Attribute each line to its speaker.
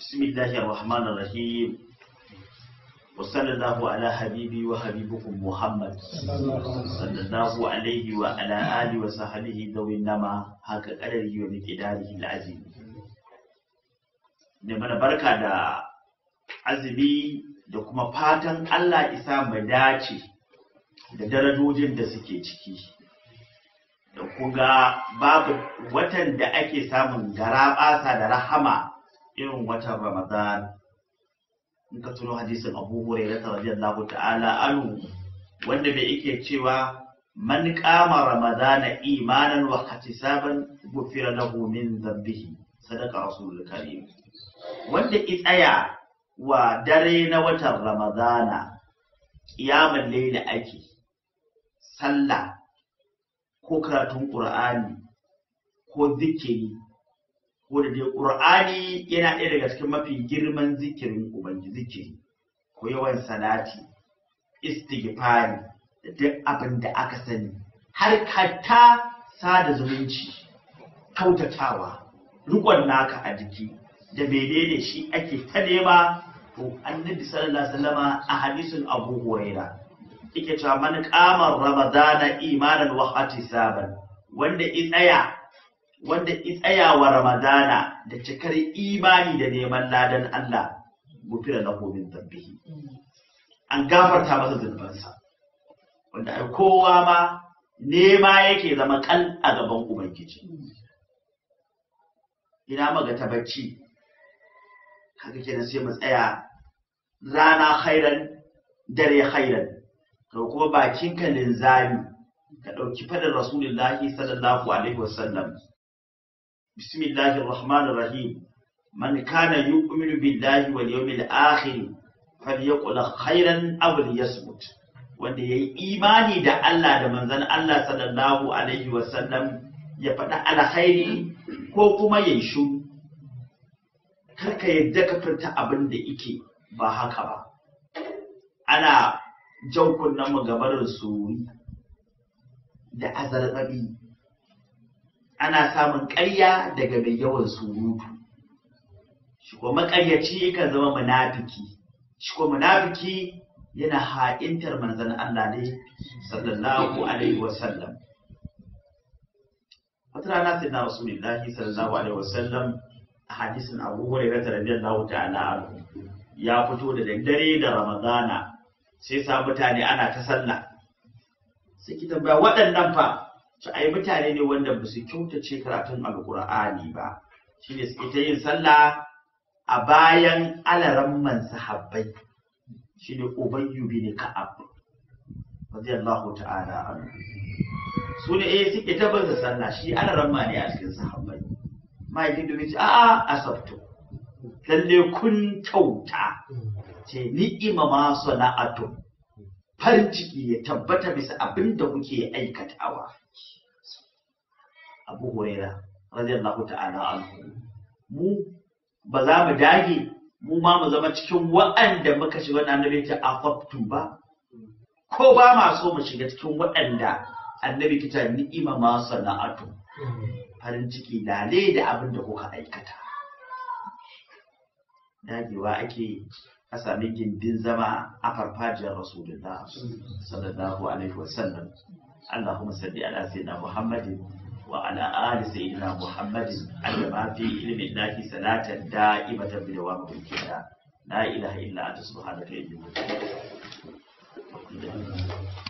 Speaker 1: بسم الله الرحمن الرحيم وصلى الله على حبيبي وحبيبكم محمد صلى الله عليه وعلى آله وصحبه ذوي النما هكا قدره ومقداره العظيم ne mana barka da azumi da kuma fatan Allah isa mu dace da darajojin da suke ciki da kuga babu watan da ake samun garaɓasa da rahama irin watan ramadan in ka tuno hadisin abu hurairah radiyallahu ta'ala anhu wanda bai yake cewa man qama ramadana imanan wa ihtisaban ghufira lahu min dhanbihi sadaqa rasulul karim wanda ki tsaya wa dare na watan ramadana kiyamun laila ake sallah ko karatun qur'ani ko zikiri ko da dai qur'ani yana ɗaya daga cikin mafi girman zikirin ubangiji zikiri ko yawan salati istighfari da duk abin da aka sani har katta sada zumunci kautatawa rukon naka a jiki da menene shi ake ta nema to annabi sallallahu alaihi wasallama a hadisin abu huraira yake cewa man qama ramadana imanan wa ihtisaban wanda i tsaya wanda tsayawa ramadana da cikar imani da neman ladan Allah gufira na min dhanbihi an gafarta masa zunubansa wanda ai kowa ma nema yake zama kal a gaban ubangiji ina maga ta bacci haka kenan sai mu tsaya rana khairan dare khairan ka kuma bakinka linzami ka ɗauki fadar rasulullahi sallallahu alaihi wasallam بسم الله الرحمن الرحيم من كان يؤمن بالله واليوم الآخر فليقل خيرا أو ليصمت wanda ya yi imani da Allah da manzan Allah sallallahu alaihi wasallam ya faɗa alkhairi ko kuma ya yi shu karka yadda ka furta abin da ike ba haka ba ana jan kunnen mu su da azarbabi ana samun ƙarya daga mai yawan surutu shi kuma maƙaryaci kan zama munafiki shi kuma munafiki yana ha'intar manzon Allah ne sallallahu alaihi wasallam fatara na sai na rasulullahi sallallahu alaihi wasallam a hadisin abu hurairah radiyallahu ta'ala ya fito da daddare da ramadana sai sa mutane ana ta sallah sai ki tambaya waɗannan fa ci ai mutane ne wanda ba su kyautace karatun alkur'ani ba ne suke ta yin sallah a bayan man sahabbai ne ubayyu bin ka'ab radiyallahu ta'ala anhu su ne eh suke ta bin sallah shi alaramma ne a cikin sahabbai mahaifin domin ce a'a asabtu lalle kun kyauta ce ni'ima ma sana'atun farin ciki ya tabbata bisa abin da kuke aikatawa abu huraira radiyallahu ta'ala anhu mu ba za mu dage mu ma mu zama cikin waɗanda muka shiga wannan annabi ta afaftu ba ko ba ma so mu shiga cikin waɗanda annabi kita ni'ima ma sana'atu farin ciki lale da abin da kuka aikata dagewa ake ka sami gindin zama a farfajiyar rasulullah sallallahu alaihi wasallam allahumma salli ala sayyidina muhammadin wa ala ali sayyidina muhammadin allama fi ilmin lahi salatan da'imatan bi dawam mulkina la ilaha illa anta subhanaka inni kuntu